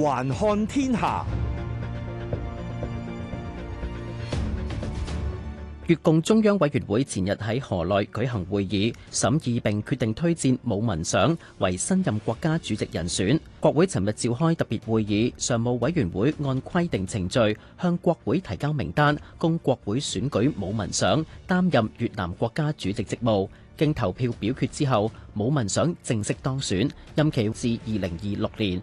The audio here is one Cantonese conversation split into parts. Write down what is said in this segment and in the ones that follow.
環看天下，越共中央委員會前日喺河內舉行會議，審議並決定推薦武文賞為新任國家主席人選。國會尋日召開特別會議，常務委員會按規定程序向國會提交名單，供國會選舉武文賞擔任越南國家主席職務。經投票表決之後，武文賞正式當選，任期至二零二六年。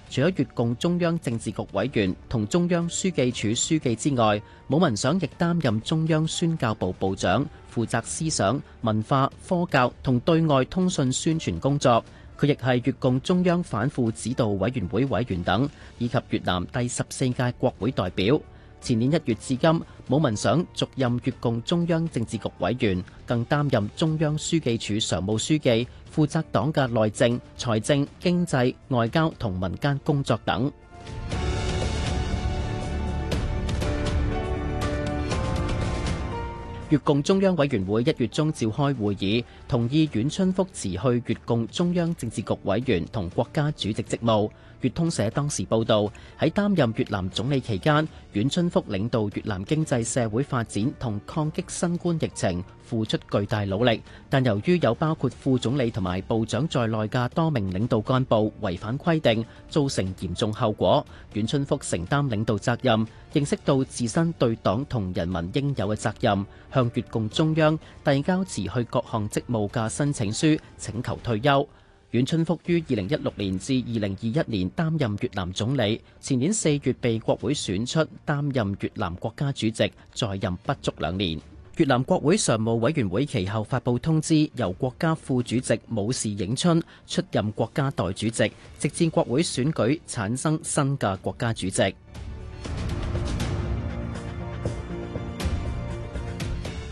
除咗越共中央政治局委員同中央書記處書記之外，武文賞亦擔任中央宣教部部長，負責思想、文化、科教同對外通訊宣傳工作。佢亦係越共中央反腐指導委員會委員等，以及越南第十四屆國會代表。前年一月至今，武文賞續任越共中央政治局委員，更擔任中央書記處常務書記，負責黨嘅內政、財政、經濟、外交同民間工作等。越共中央委員會一月中召開會議，同意阮春福辭去越共中央政治局委員同國家主席職務。越通社當時報道，喺擔任越南總理期間，阮春福領導越南經濟社會發展同抗擊新冠疫情。付出巨大努力，但由於有包括副總理同埋部長在內嘅多名領導幹部違反規定，造成嚴重後果，阮春福承擔領導責任，認識到自身對黨同人民應有嘅責任，向越共中央遞交辭去各項職務嘅申請書，請求退休。阮春福於二零一六年至二零二一年擔任越南總理，前年四月被國會選出擔任越南國家主席，在任不足兩年。越南國會常務委員會其後發布通知，由國家副主席武氏映春出任國家代主席，直至國會選舉產生新嘅國家主席。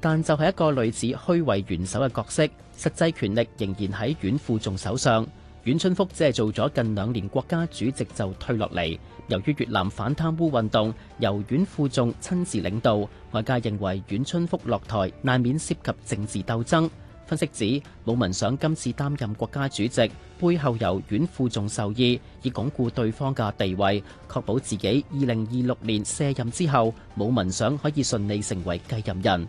但就係一個類似虛位元首嘅角色，實際權力仍然喺阮富仲手上。阮春福只係做咗近兩年國家主席就退落嚟。由於越南反貪污運動由阮富仲親自領導，外界認為阮春福落台難免涉及政治鬥爭，分析指，武文賞今次擔任國家主席，背後由阮富仲授意，以鞏固對方嘅地位，確保自己二零二六年卸任之後，武文賞可以順利成為繼任人。